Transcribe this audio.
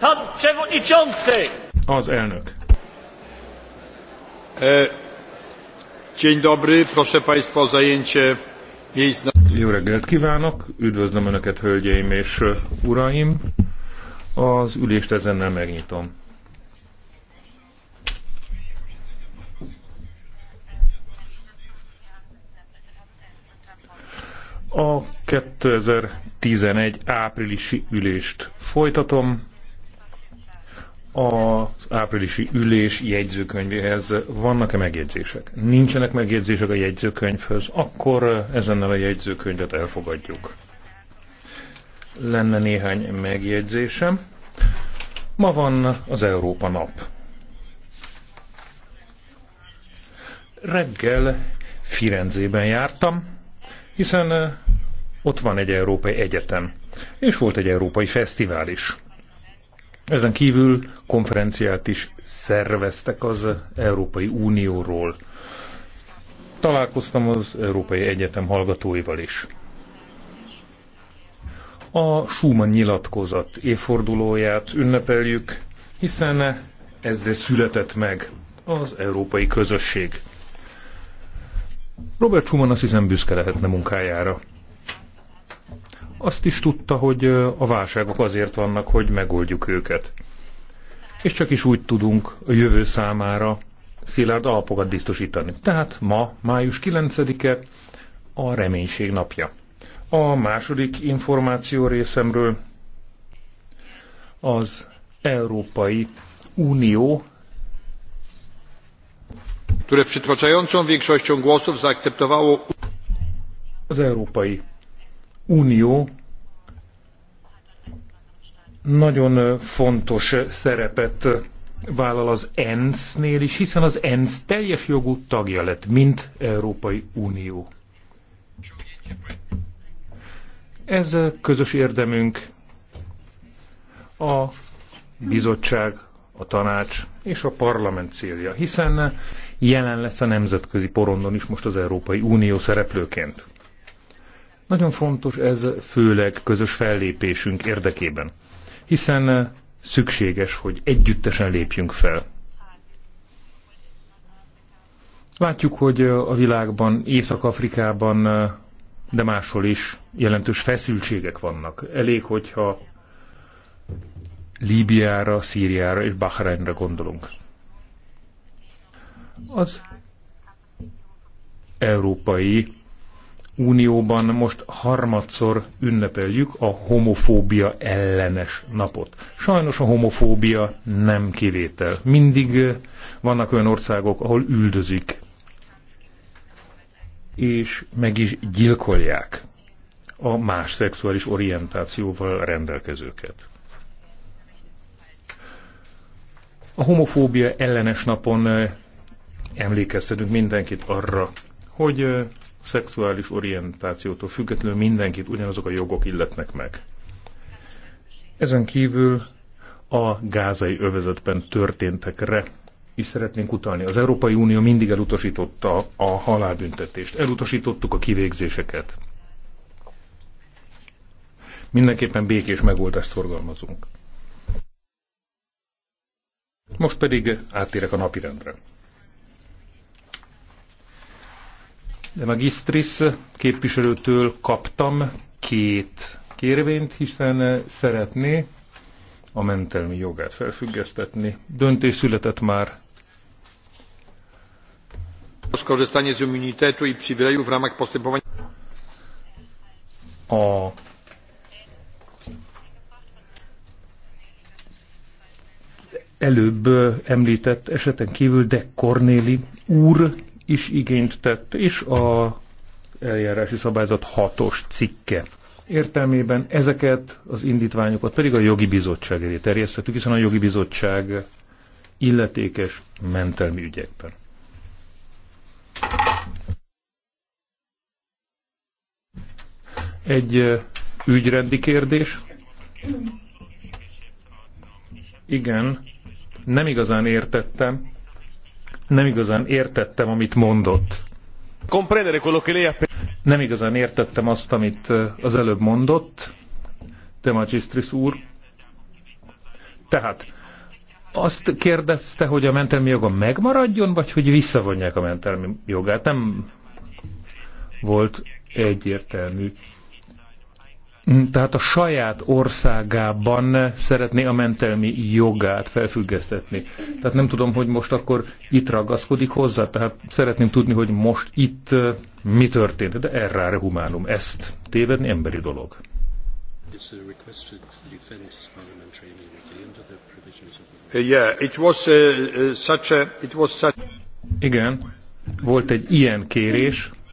Pan przewodniczący! Az elnök. E, dzień dobry, proszę państwa o zajęcie miejsc. Na... Jó reggelt kívánok, üdvözlöm Önöket, hölgyeim és uraim. Az ülést ezennel megnyitom. A 2011 áprilisi ülést folytatom. Az áprilisi ülés jegyzőkönyvéhez vannak-e megjegyzések? Nincsenek megjegyzések a jegyzőkönyvhöz, akkor ezennel a jegyzőkönyvet elfogadjuk. Lenne néhány megjegyzésem. Ma van az Európa nap. Reggel Firenzében jártam, hiszen ott van egy európai egyetem, és volt egy európai fesztivál is. Ezen kívül konferenciát is szerveztek az Európai Unióról. Találkoztam az Európai Egyetem hallgatóival is. A Schumann nyilatkozat évfordulóját ünnepeljük, hiszen ezzel született meg az európai közösség. Robert Schumann azt hiszem büszke lehetne munkájára azt is tudta, hogy a válságok azért vannak, hogy megoldjuk őket. És csak is úgy tudunk a jövő számára szilárd alapokat biztosítani. Tehát ma, május 9-e, a reménység napja. A második információ részemről az Európai Unió które przytłaczającą większością głosów zaakceptowało az Európai Unió nagyon fontos szerepet vállal az ENSZ-nél is, hiszen az ENSZ teljes jogú tagja lett, mint Európai Unió. Ez közös érdemünk a bizottság, a tanács és a parlament célja, hiszen jelen lesz a nemzetközi porondon is most az Európai Unió szereplőként. Nagyon fontos ez főleg közös fellépésünk érdekében, hiszen szükséges, hogy együttesen lépjünk fel. Látjuk, hogy a világban, Észak-Afrikában, de máshol is jelentős feszültségek vannak. Elég, hogyha Líbiára, Szíriára és Bahreinre gondolunk. Az európai Unióban most harmadszor ünnepeljük a homofóbia ellenes napot. Sajnos a homofóbia nem kivétel. Mindig eh, vannak olyan országok, ahol üldözik, és meg is gyilkolják a más szexuális orientációval rendelkezőket. A homofóbia ellenes napon eh, emlékeztetünk mindenkit arra, hogy eh, szexuális orientációtól függetlenül mindenkit ugyanazok a jogok illetnek meg. Ezen kívül a gázai övezetben történtekre is szeretnénk utalni. Az Európai Unió mindig elutasította a halálbüntetést, elutasítottuk a kivégzéseket. Mindenképpen békés megoldást szorgalmazunk. Most pedig áttérek a napirendre. de Magistris képviselőtől kaptam két kérvényt, hiszen szeretné a mentelmi jogát felfüggesztetni. Döntés született már. A előbb említett eseten kívül de Cornéli úr is igényt tett, és a eljárási szabályzat hatos cikke értelmében ezeket az indítványokat pedig a jogi bizottság elé terjesztettük, hiszen a jogi bizottság illetékes mentelmi ügyekben. Egy ügyrendi kérdés. Igen, nem igazán értettem, nem igazán értettem, amit mondott. Nem igazán értettem azt, amit eh, az előbb mondott, de Magistris úr. Tehát azt kérdezte, hogy a mentelmi joga megmaradjon, vagy hogy visszavonják a mentelmi jogát. Nem volt egyértelmű. Mm, tehát a saját országában szeretné a mentelmi jogát felfüggesztetni. Tehát nem tudom, hogy most akkor itt ragaszkodik hozzá, tehát szeretném tudni, hogy most itt mi történt, de errára humánum. Ezt tévedni emberi dolog. Uh, uh, Igen, volt egy ilyen kérés,